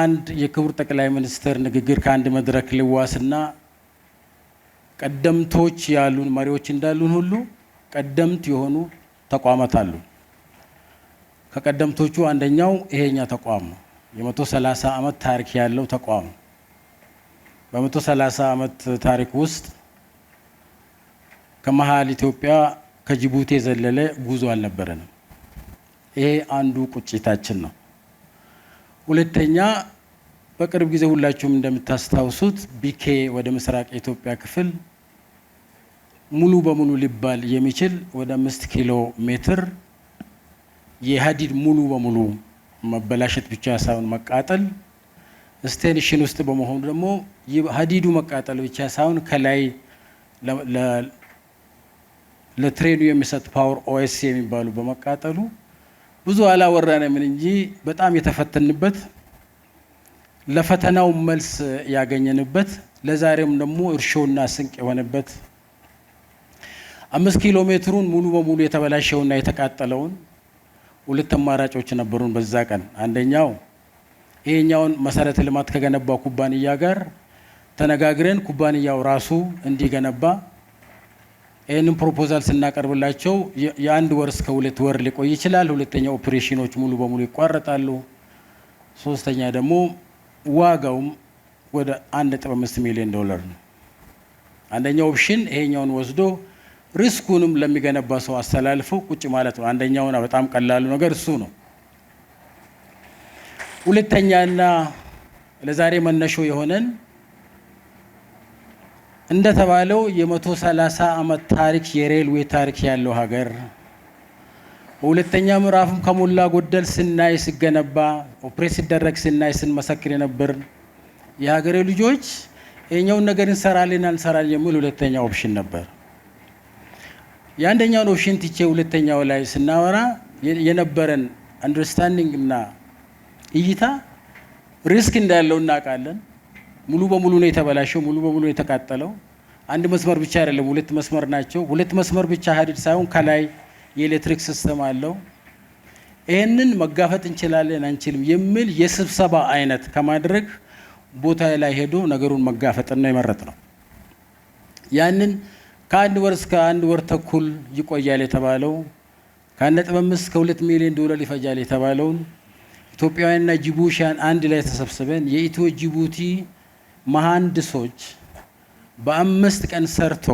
አንድ የክቡር ጠቅላይ ሚኒስትር ንግግር ከአንድ መድረክ ልዋስና ቀደምቶች ያሉን መሪዎች እንዳሉን ሁሉ ቀደምት የሆኑ ተቋማት አሉ። ከቀደምቶቹ አንደኛው ይሄኛ ተቋም ነው። የመቶ ሰላሳ ዓመት ታሪክ ያለው ተቋም በመቶ ሰላሳ ዓመት ታሪክ ውስጥ ከመሀል ኢትዮጵያ ከጅቡቲ የዘለለ ጉዞ አልነበረንም። ይሄ አንዱ ቁጭታችን ነው። ሁለተኛ በቅርብ ጊዜ ሁላችሁም እንደምታስታውሱት ቢኬ ወደ ምስራቅ የኢትዮጵያ ክፍል ሙሉ በሙሉ ሊባል የሚችል ወደ አምስት ኪሎ ሜትር የሀዲድ ሙሉ በሙሉ መበላሸት ብቻ ሳይሆን መቃጠል ስቴንሽን ውስጥ በመሆኑ ደግሞ ሀዲዱ መቃጠል ብቻ ሳይሆን ከላይ ለትሬኑ የሚሰጥ ፓወር ኦኤስ የሚባሉ በመቃጠሉ ብዙ አላወራንም እንጂ በጣም የተፈተንበት ለፈተናው መልስ ያገኘንበት ለዛሬም ደግሞ እርሾና ስንቅ የሆነበት አምስት ኪሎ ሜትሩን ሙሉ በሙሉ የተበላሸውና የተቃጠለውን ሁለት አማራጮች ነበሩን በዛ ቀን። አንደኛው ይሄኛውን መሰረተ ልማት ከገነባው ኩባንያ ጋር ተነጋግረን ኩባንያው ራሱ እንዲገነባ ይህንን ፕሮፖዛል ስናቀርብላቸው የአንድ ወር እስከ ሁለት ወር ሊቆይ ይችላል። ሁለተኛ ኦፕሬሽኖች ሙሉ በሙሉ ይቋረጣሉ። ሶስተኛ ደግሞ ዋጋውም ወደ 1.5 ሚሊዮን ዶላር ነው። አንደኛው ኦፕሽን ይሄኛውን ወስዶ ሪስኩንም ለሚገነባ ሰው አስተላልፎ ቁጭ ማለት ነው። አንደኛውና በጣም ቀላሉ ነገር እሱ ነው። ሁለተኛና ለዛሬ መነሾ የሆነን እንደተባለው የ130 ዓመት ታሪክ የሬልዌ ታሪክ ያለው ሀገር በሁለተኛ ምዕራፍም ከሞላ ጎደል ስናይ ስገነባ ኦፕሬት ሲደረግ ስናይ ስንመሰክር የነበር የሀገሬ ልጆች የኛውን ነገር እንሰራልን አንሰራል የሚል ሁለተኛ ኦፕሽን ነበር። የአንደኛውን ኦፕሽን ትቼ ሁለተኛው ላይ ስናወራ የነበረን አንደርስታንዲንግ እና እይታ ሪስክ እንዳለው እናውቃለን። ሙሉ በሙሉ ነው የተበላሸው፣ ሙሉ በሙሉ ነው የተቃጠለው። አንድ መስመር ብቻ አይደለም፣ ሁለት መስመር ናቸው። ሁለት መስመር ብቻ ሀዲድ ሳይሆን ከላይ የኤሌክትሪክ ሲስተም አለው። ይህንን መጋፈጥ እንችላለን አንችልም የሚል የስብሰባ አይነት ከማድረግ ቦታ ላይ ሄዶ ነገሩን መጋፈጥን ነው የመረጥ ነው። ያንን ከአንድ ወር እስከ አንድ ወር ተኩል ይቆያል የተባለው ከአንድ ነጥብ አምስት እስከ ሚሊዮን ዶላር ይፈጃል የተባለውን ኢትዮጵያውያንና ጅቡቲያን አንድ ላይ ተሰብስበን የኢትዮ ጅቡቲ መሐንዲሶች በአምስት ቀን ሰርቶ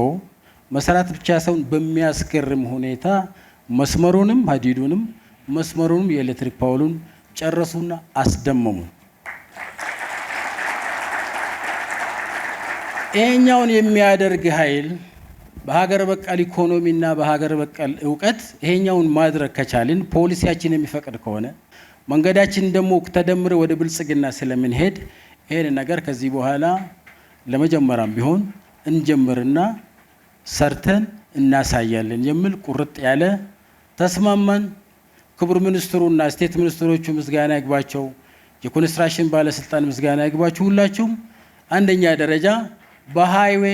መሰራት ብቻ ሰውን በሚያስገርም ሁኔታ መስመሩንም ሀዲዱንም መስመሩንም የኤሌክትሪክ ፓውሉን ጨረሱና አስደመሙ። ይሄኛውን የሚያደርግ ኃይል በሀገር በቀል ኢኮኖሚና በሀገር በቀል እውቀት ይሄኛውን ማድረግ ከቻልን ፖሊሲያችን የሚፈቅድ ከሆነ መንገዳችን ደግሞ ተደምረ ወደ ብልጽግና ስለምንሄድ ይህን ነገር ከዚህ በኋላ ለመጀመሪያም ቢሆን እንጀምርና ሰርተን እናሳያለን የሚል ቁርጥ ያለ ተስማማን። ክቡር ሚኒስትሩና ስቴት ሚኒስትሮቹ ምስጋና ይግባቸው፣ የኮንስትራክሽን ባለስልጣን ምስጋና ይግባቸው። ሁላችሁም አንደኛ ደረጃ በሃይዌ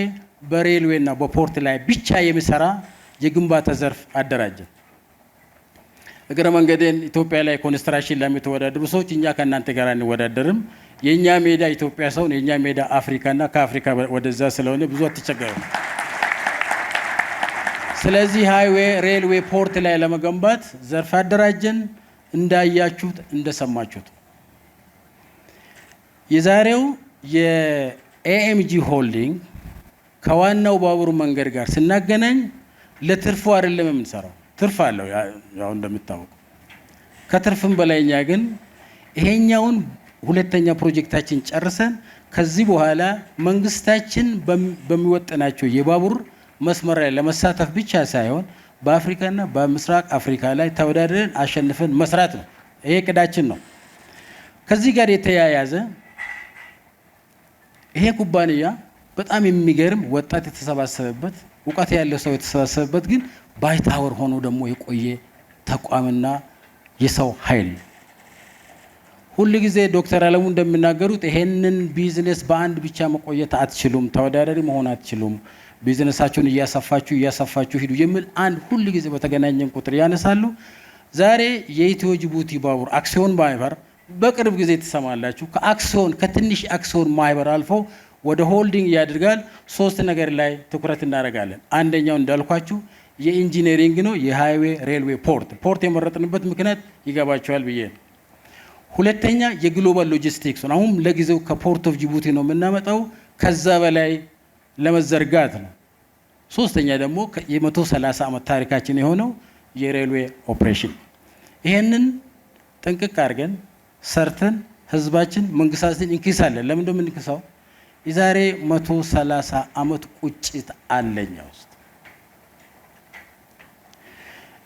በሬልዌና በፖርት ላይ ብቻ የሚሰራ የግንባታ ዘርፍ አደራጀን። እግረ መንገዴን ኢትዮጵያ ላይ ኮንስትራክሽን ለሚተወዳደሩ ሰዎች እኛ ከእናንተ ጋር አንወዳደርም። የእኛ ሜዳ ኢትዮጵያ ሰውን የእኛ ሜዳ አፍሪካና ከአፍሪካ ወደዛ ስለሆነ ብዙ አትቸገሩም። ስለዚህ ሃይዌ ሬልዌይ፣ ፖርት ላይ ለመገንባት ዘርፍ አደራጀን። እንዳያችሁት እንደሰማችሁት የዛሬው የኤኤምጂ ሆልዲንግ ከዋናው ባቡር መንገድ ጋር ስናገናኝ ለትርፉ አይደለም የምንሰራው። ትርፍ አለው ያው እንደምታወቁ፣ ከትርፍም በላይኛ ግን ይሄኛውን ሁለተኛ ፕሮጀክታችን ጨርሰን ከዚህ በኋላ መንግስታችን በሚወጥናቸው የባቡር መስመር ላይ ለመሳተፍ ብቻ ሳይሆን በአፍሪካና በምስራቅ አፍሪካ ላይ ተወዳድረን አሸንፈን መስራት ነው። ይሄ ቅዳችን ነው። ከዚህ ጋር የተያያዘ ይሄ ኩባንያ በጣም የሚገርም ወጣት የተሰባሰበበት እውቀት ያለው ሰው የተሰባሰበበት ግን ባይታወር ሆኖ ደግሞ የቆየ ተቋምና የሰው ኃይል ሁል ጊዜ ዶክተር አለሙ እንደሚናገሩት ይሄንን ቢዝነስ በአንድ ብቻ መቆየት አትችሉም፣ ተወዳዳሪ መሆን አትችሉም። ቢዝነሳችሁን እያሰፋችሁ እያሰፋችሁ ሂዱ የሚል አንድ ሁል ጊዜ በተገናኘን ቁጥር ያነሳሉ። ዛሬ የኢትዮ ጅቡቲ ባቡር አክሲዮን ማህበር በቅርብ ጊዜ ትሰማላችሁ። ከአክሲዮን ከትንሽ አክሲዮን ማህበር አልፎ ወደ ሆልዲንግ ያድርጋል። ሶስት ነገር ላይ ትኩረት እናደርጋለን። አንደኛው እንዳልኳችሁ የኢንጂነሪንግ ነው። የሃይዌ ሬልዌ፣ ፖርት ፖርት የመረጥንበት ምክንያት ይገባቸዋል ብዬ ነው። ሁለተኛ የግሎባል ሎጂስቲክስ ነው። አሁን ለጊዜው ከፖርት ኦፍ ጅቡቲ ነው የምናመጣው፣ ከዛ በላይ ለመዘርጋት ነው። ሶስተኛ ደግሞ የ130 ዓመት ታሪካችን የሆነው የሬልዌ ኦፕሬሽን ይሄንን ጥንቅቅ አድርገን ሰርተን ህዝባችን መንግስታችን እንኪሳለን። ለምን እንደምንክሳው የዛሬ 130 ዓመት ቁጭት አለኛ ውስጥ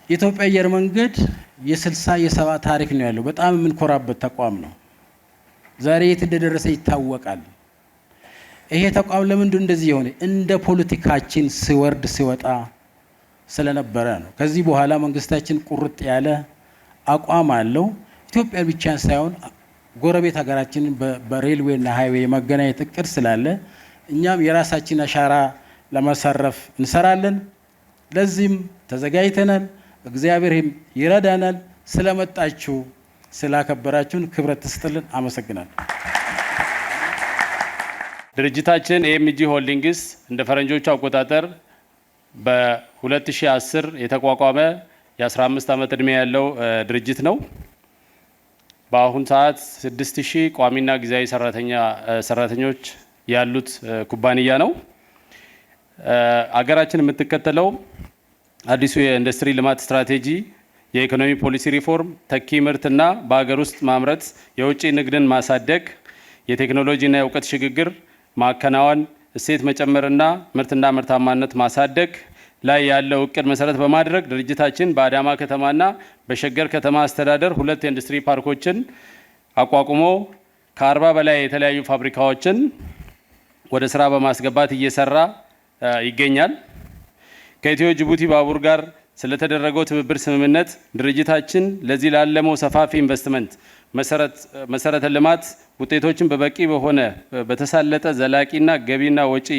የኢትዮጵያ አየር መንገድ የስልሳ የሰባ ታሪክ ነው ያለው። በጣም የምንኮራበት ተቋም ነው። ዛሬ የት እንደደረሰ ይታወቃል። ይሄ ተቋም ለምንድን እንደዚህ የሆነ እንደ ፖለቲካችን ሲወርድ ሲወጣ ስለነበረ ነው። ከዚህ በኋላ መንግስታችን ቁርጥ ያለ አቋም አለው። ኢትዮጵያ ብቻ ሳይሆን ጎረቤት ሀገራችንን በሬልዌና ሃይዌ የመገናኘት እቅድ ስላለ እኛም የራሳችን አሻራ ለመሰረፍ እንሰራለን። ለዚህም ተዘጋጅተናል። እግዚአብሔርም ይረዳናል። ስለመጣችሁ ስላከበራችሁን ክብረት ትስጥልን። አመሰግናለሁ። ድርጅታችን ኤምጂ ሆልዲንግስ እንደ ፈረንጆቹ አቆጣጠር በ2010 የተቋቋመ የ15 ዓመት ዕድሜ ያለው ድርጅት ነው። በአሁን ሰዓት 6000 ቋሚና ጊዜያዊ ሰራተኞች ያሉት ኩባንያ ነው። አገራችን የምትከተለው አዲሱ የኢንዱስትሪ ልማት ስትራቴጂ የኢኮኖሚ ፖሊሲ ሪፎርም፣ ተኪ ምርትና በሀገር ውስጥ ማምረት፣ የውጭ ንግድን ማሳደግ፣ የቴክኖሎጂና የእውቀት ሽግግር ማከናወን፣ እሴት መጨመርና ምርትና ምርታማነት ማሳደግ ላይ ያለው እቅድ መሰረት በማድረግ ድርጅታችን በአዳማ ከተማና በሸገር ከተማ አስተዳደር ሁለት የኢንዱስትሪ ፓርኮችን አቋቁሞ ከአርባ በላይ የተለያዩ ፋብሪካዎችን ወደ ስራ በማስገባት እየሰራ ይገኛል። ከኢትዮ ጅቡቲ ባቡር ጋር ስለተደረገው ትብብር ስምምነት ድርጅታችን ለዚህ ላለመው ሰፋፊ ኢንቨስትመንት መሰረተ ልማት ውጤቶችን በበቂ በሆነ በተሳለጠ ዘላቂና ገቢና ወጪ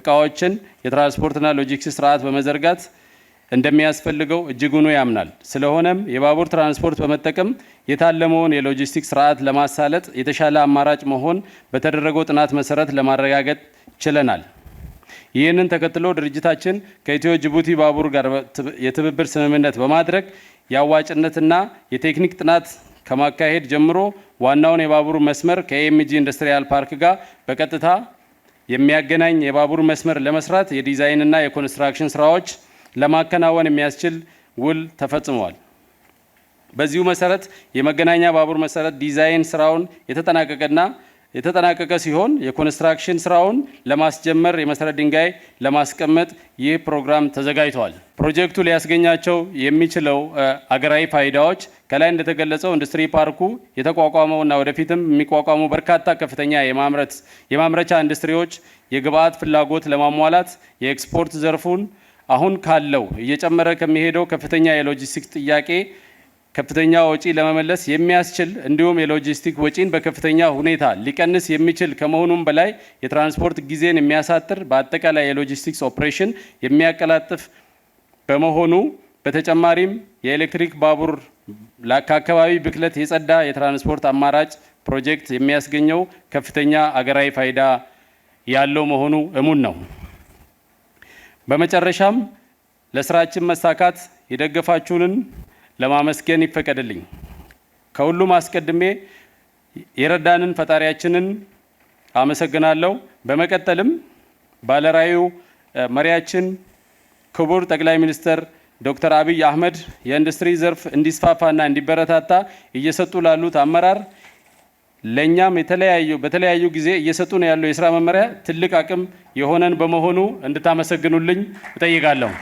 እቃዎችን የትራንስፖርትና ሎጂስቲክስ ስርዓት በመዘርጋት እንደሚያስፈልገው እጅጉኑ ያምናል። ስለሆነም የባቡር ትራንስፖርት በመጠቀም የታለመውን የሎጂስቲክስ ስርዓት ለማሳለጥ የተሻለ አማራጭ መሆን በተደረገው ጥናት መሰረት ለማረጋገጥ ችለናል። ይህንን ተከትሎ ድርጅታችን ከኢትዮ ጅቡቲ ባቡር ጋር የትብብር ስምምነት በማድረግ የአዋጭነትና የቴክኒክ ጥናት ከማካሄድ ጀምሮ ዋናውን የባቡር መስመር ከኤምጂ ኢንዱስትሪያል ፓርክ ጋር በቀጥታ የሚያገናኝ የባቡር መስመር ለመስራት የዲዛይንና የኮንስትራክሽን ስራዎች ለማከናወን የሚያስችል ውል ተፈጽመዋል። በዚሁ መሰረት የመገናኛ ባቡር መሰረት ዲዛይን ስራውን የተጠናቀቀና የተጠናቀቀ ሲሆን የኮንስትራክሽን ስራውን ለማስጀመር የመሰረት ድንጋይ ለማስቀመጥ ይህ ፕሮግራም ተዘጋጅቷል። ፕሮጀክቱ ሊያስገኛቸው የሚችለው አገራዊ ፋይዳዎች ከላይ እንደተገለጸው ኢንዱስትሪ ፓርኩ የተቋቋመውና ወደፊትም የሚቋቋሙ በርካታ ከፍተኛ የማምረቻ ኢንዱስትሪዎች የግብአት ፍላጎት ለማሟላት የኤክስፖርት ዘርፉን አሁን ካለው እየጨመረ ከሚሄደው ከፍተኛ የሎጂስቲክስ ጥያቄ ከፍተኛ ወጪ ለመመለስ የሚያስችል እንዲሁም የሎጂስቲክ ወጪን በከፍተኛ ሁኔታ ሊቀንስ የሚችል ከመሆኑም በላይ የትራንስፖርት ጊዜን የሚያሳጥር በአጠቃላይ የሎጂስቲክስ ኦፕሬሽን የሚያቀላጥፍ በመሆኑ በተጨማሪም የኤሌክትሪክ ባቡር ከአካባቢ ብክለት የጸዳ የትራንስፖርት አማራጭ ፕሮጀክት የሚያስገኘው ከፍተኛ አገራዊ ፋይዳ ያለው መሆኑ እሙን ነው። በመጨረሻም ለስራችን መሳካት የደገፋችሁንን ለማመስገን ይፈቀድልኝ። ከሁሉም አስቀድሜ የረዳንን ፈጣሪያችንን አመሰግናለሁ። በመቀጠልም ባለራዩ መሪያችን ክቡር ጠቅላይ ሚኒስትር ዶክተር አብይ አህመድ የኢንዱስትሪ ዘርፍ እንዲስፋፋና እንዲበረታታ እየሰጡ ላሉት አመራር ለእኛም የተለያዩ በተለያዩ ጊዜ እየሰጡ ነው ያለው የስራ መመሪያ ትልቅ አቅም የሆነን በመሆኑ እንድታመሰግኑልኝ እጠይቃለሁ።